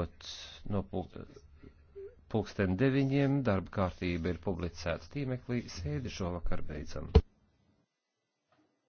sākot no pulk pulksten deviņiem, darba kārtība ir publicēta tīmeklī, sēdi šovakar beidzam.